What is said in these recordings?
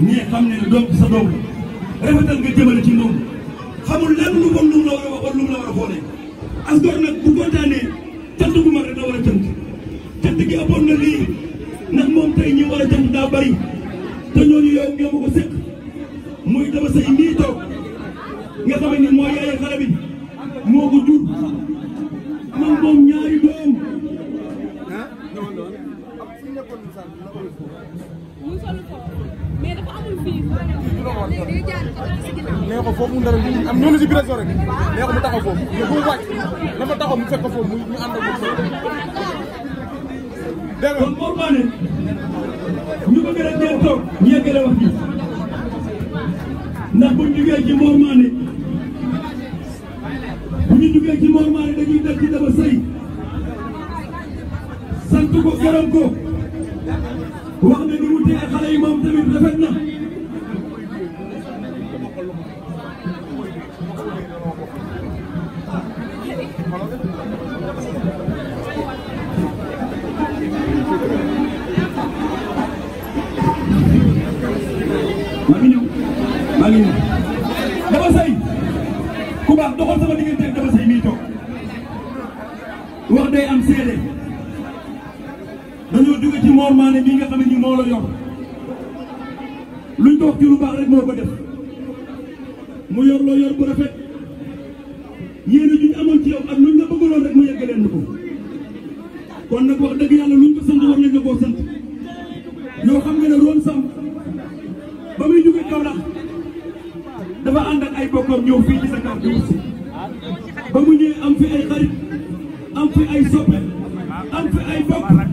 ñii xam ne doom sa doom la nga jëmale ci moom xamul lenn lu bon lu mu la war a wax wala lu mu la war a xoolee as góor nag bu kontaanee cant bu mag rek da war a cant cant na lii ndax moom tey ñi war a cant daa bari te ñooñu yow ñoo ma ko sekk muy dama say nii nga xam ne mooy yaay xale moo ko jur man moom ñaari doom. mais dafa amul fii. nee ko foofu mu ne la am noonu si biir réseau rek nee ko mu taxaw foofu mais bu mu wàcc na ma taxaw mu fekk foofu mu ñu ànd ak dégg kon pour ma ne ñu bëgg rek ngeen toog ñu yeggale wax ji ndax buñ jugee ci Mor Mané bu ñu jugee ci Mor Mané dañuy def ci Daba Seye sant wax ne nu mu tee xale yi moom tamit rafet na wax day am seede dañoo jóge ci Mor Mané bii nga xam ne nii moo la yor luñ dox ci lu baax rek moo ko def mu yor loo yor bu rafet yéen a juñ amoon ci yow ak luñ na ko kon xam nga ne Roon Sam muy jóge dafa ànd ay bokkam ñëw fii ci sa kàr ba mu ñëwee am fi ay xarit am fi ay soppe am fi ay bokk.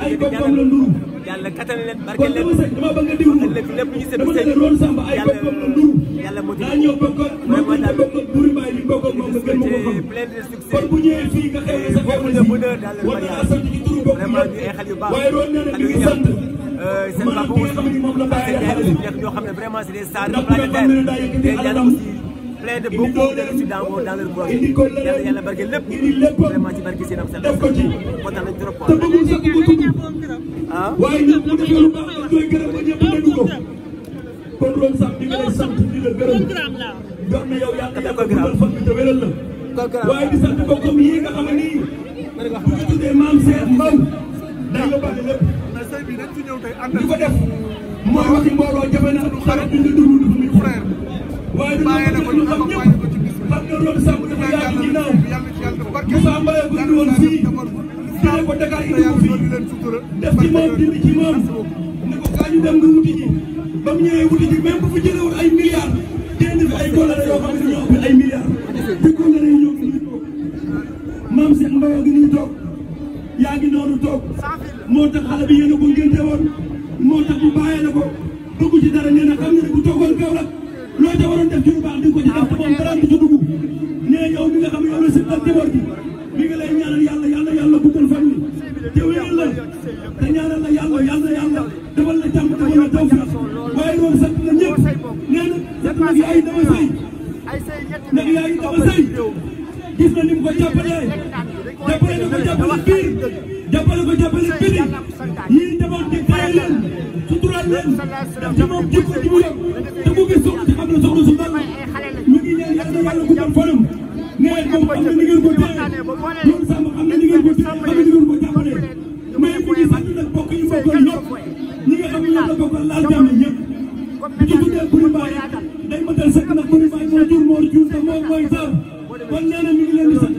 ay boppam la nduru yàlla kattan leen barke leen kon dama bëgg a déglu lépp ñu sëb sëb loolu samba ay boppam la nduru yàlla moo daa ñëw bokk ak moom ñu bokk ak buri baay bi bokk ak moom nga gën ma ko xam kon bu ñëwee fii nga xëy sa xew si war naa sant ci turu bokk yëpp waaye loolu nee na mi ngi sant euh, seen papa moom la bàyyi xel ñoo xam ne vraiment c'est des stars planétaires plaide beaucoup de résidents dans leur projet yàlla yàlla barke lépp vraiment ci barke seen am sel kontaan nañ trop quoi ah waaye ñun bu dee lu baax dañ koy gërëm ba ñëpp dégg ko kon loolu sax di nga lay sant di la gërëm jox na yow yàlla yàlla dugal fan bi te wéral la waaye di sant bokkam yi nga xam ne nii bu ñu tuddee maam Seex Mbaw day yóbbaale lépp li ko def mooy waxi mbooloo jafe na du xarit bi nga dugg du muy frère waaye du ñu xam ñëpp parce que loolu sàmm dafa yaatu ginnaaw Moussa Mbaye bu ñu woon fii jëlee ko Dakar i ko fii def ci moom dindi ci moom ne ko kaa ñu dem nga mu ñëwee wuti ji même fi jëlewul ay ay góor la yoo xam ne ñoo ëpp ay milliards dëkkoon na ne toog yaa ngi noonu toog moo tax bi yéen a ko ngénte woon moo tax mu bàyyee la ko bëggu ci dara na xam ne bu kaw la loo ca waroon def ci lu baax di nga ko ci def te moom dara du ci dugg nee yow mi nga xam ne yow la si dal jaboot gi mi ngi lay ñaanal yàlla yàlla yàlla guddal fan wi te wéyal la te ñaanal la yàlla yàlla yàlla defal la jàmm defal la tawfiq waaye loolu sant na ñëpp nee na sant nag yaa ngi dama sëy nag yaa ngi dama sëy gis na ni mu ko jàppalee jàppale na ko jàppale biir jàppale ko jàppale biir ren def ci moom jikko ji mu yor te ku gis soxna si xam ne soxna su baax mi ngi ñaan yàlla yàlla guddal fanam nee moom am na ni ngeen ko téye loolu sàmm am na ni ngeen ko téye am na ni ngeen ko jàppale mais ku ñu sant nag bokk ñu bokkal ñëpp ñi nga xam ne ñoom la bokkal laal jàmm ñëpp bu ci tuddee Coly Mbaye day matal sëkk nag Coly Mbaye moo jur moo jur te moom mooy sar kon nee na mi ngi leen di